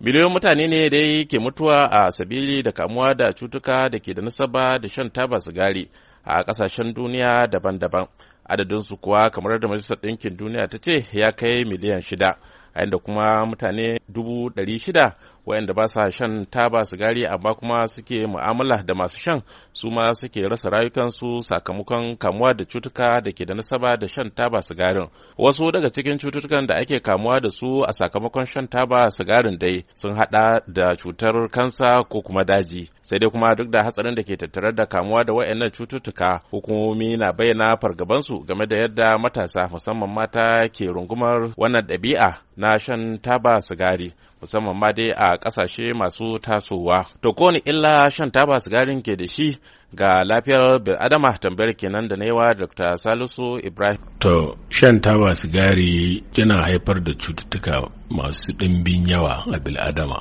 miliyoyin mutane ne da ke mutuwa a sabili da kamuwa da cutuka da ke da nasaba da shan taba sigari a kasashen duniya daban-daban adadinsu kuwa kamar da majalisar ɗinkin duniya ta ce ya kai miliyan shida a inda kuma mutane dubu ɗari shida wayanda ba sa shan taba sigari amma kuma suke mu'amala da masu shan su ma suke rasa rayukansu sakamakon kamuwa da cutuka da ke da nasaba da shan taba sigarin wasu daga cikin cututtukan da ake kamuwa da su a sakamakon shan taba sigarin dai sun hada da cutar kansa ko kuma daji sai dai kuma duk da hatsarin da ke tattare da kamuwa da wayannan cututtuka hukumomi na bayyana fargabansu game da yadda matasa musamman mata ke rungumar wannan ɗabi'a na shan taba sigari musamman ma dai a a ƙasashe masu tasowa. To ni illa shan taba sigarin ke da shi ga lafiyar adama tambayar kenan da naiwa Dr. Salisu Ibrahim. To shan taba sigari yana haifar da cututtuka masu ɗimbin yawa a bil'adama.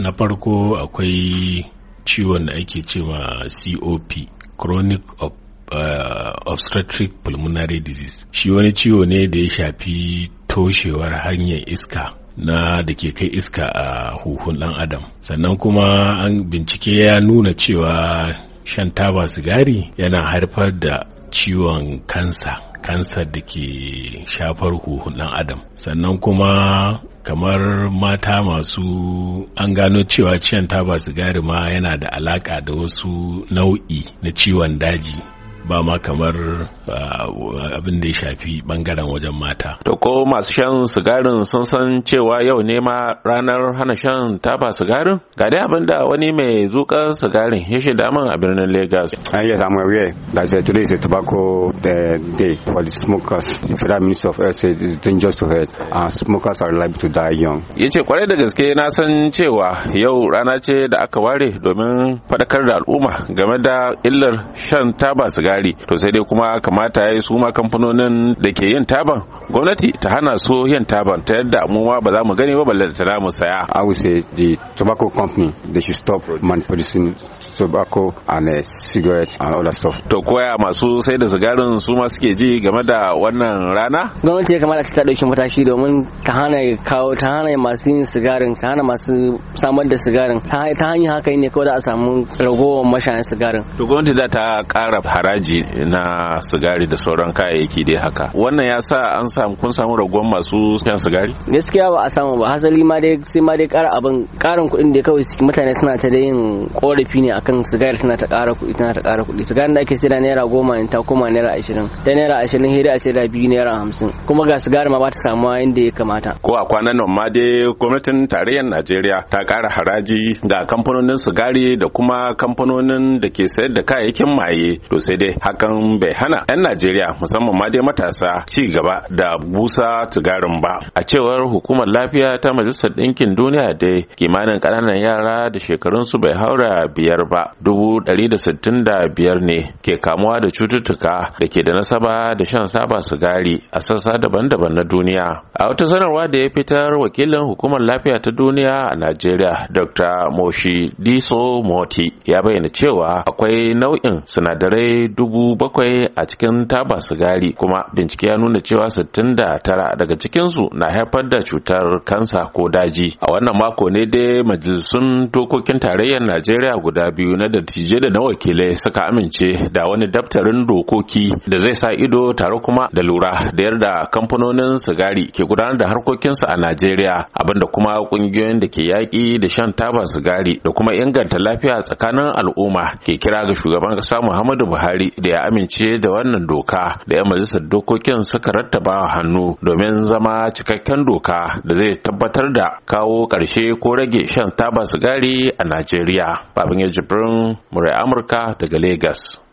na farko akwai ciwon da ake cewa COP chronic of uh, obstetric pulmonary disease shi wani ciwo ne da ya shafi toshewar hanyar iska na da ke kai iska a huhun dan adam sannan kuma an bincike ya nuna cewa shan taba sigari yana haifar da ciwon kansa kansa da ke shafar huhun dan adam sannan kuma kamar mata masu an gano cewa ciyan taba sigari ma yana da alaka da wasu nau'i na ciwon daji ba ma kamar abin da ya shafi bangaren wajen mata. To ko masu shan sigarin sun san cewa yau ne ma ranar hana shan taba sigarin? Ga dai abin da wani mai zukar sigarin ya shaida min a birnin Lagos. Ah, yes, I'm aware that uh, today is a tobacco uh, day for the smokers. The Federal Minister of Health says it's dangerous to health and smokers are liable to die young. Ya ce kwarai da gaske na san cewa yau rana ce da aka ware domin faɗakar da al'umma game da illar shan taba sigarin. kare to sai dai kuma kamata ya yi su ma kamfanonin da ke yin taban gwamnati ta hana su yin taban ta yadda mu ma ba za mu gani ba balle ta mu saya i would say the tobacco company they should stop man producing tobacco and uh, cigarettes cigarette and other stuff to koya masu sai da sigarin su ma suke ji game da wannan rana gwamnati ya kamata ta dauki mataki domin ta hana kawo ta hana masu yin sigarin ta hana masu samar da sigarin ta hanyar haka ne kawai da a samu ragowar mashayan sigarin to gwamnati da ta kara haraji ji na sigari da sauran kayayyaki dai haka wannan ya sa an samu kun samu ragon masu shan sigari gaskiya ba a samu ba hasali ma dai sai ma dai kara abin karin kuɗin da kawai mutane suna ta da yin korafi ne akan sigari suna ta kara kuɗi tana ta kara kuɗi sigarin da ake saida naira goma ne ta koma naira ashirin ta naira ashirin hira a saida biyu naira hamsin kuma ga sigari ma ba ta samuwa inda ya kamata ko a kwanan nan ma dai gwamnatin tarayyar najeriya ta kara haraji ga kamfanonin sigari da kuma kamfanonin da ke sayar da kayayyakin maye to sai dai hakan bai hana 'yan najeriya musamman ma dai matasa ci gaba da busa tugarin ba a cewar hukumar lafiya ta majalisar ɗinkin duniya dai kimanin ƙananan yara da shekarunsu bai haura biyar ba dubu ɗari da sittin da biyar ne ke kamuwa da cututtuka da ke da nasaba da shan saba sigari a sassa daban-daban na duniya a wata sanarwa da ya fitar wakilin hukumar lafiya ta duniya a najeriya dr moshi diso moti ya bayyana cewa akwai nau'in sinadarai dubu bakwai a cikin taba sigari kuma bincike ya nuna cewa sittin da tara daga cikinsu na haifar da cutar kansa ko daji a wannan mako ne dai majalisun dokokin tarayyar najeriya guda biyu na dattijai da na wakilai suka amince da wani daftarin dokoki da zai sa ido tare kuma da lura da yarda kamfanonin sigari ke gudanar da harkokinsu a najeriya abinda kuma kungiyoyin da ke yaƙi da shan taba sigari da kuma inganta lafiya tsakanin al'umma ke kira ga shugaban ƙasa muhammadu buhari da ya amince da wannan doka da 'yan majalisar dokokin suka rattaba hannu domin zama cikakken doka da zai tabbatar da kawo ƙarshe ko rage shan taba sigari a najeriya babin ya jibrin murai amurka daga Legas.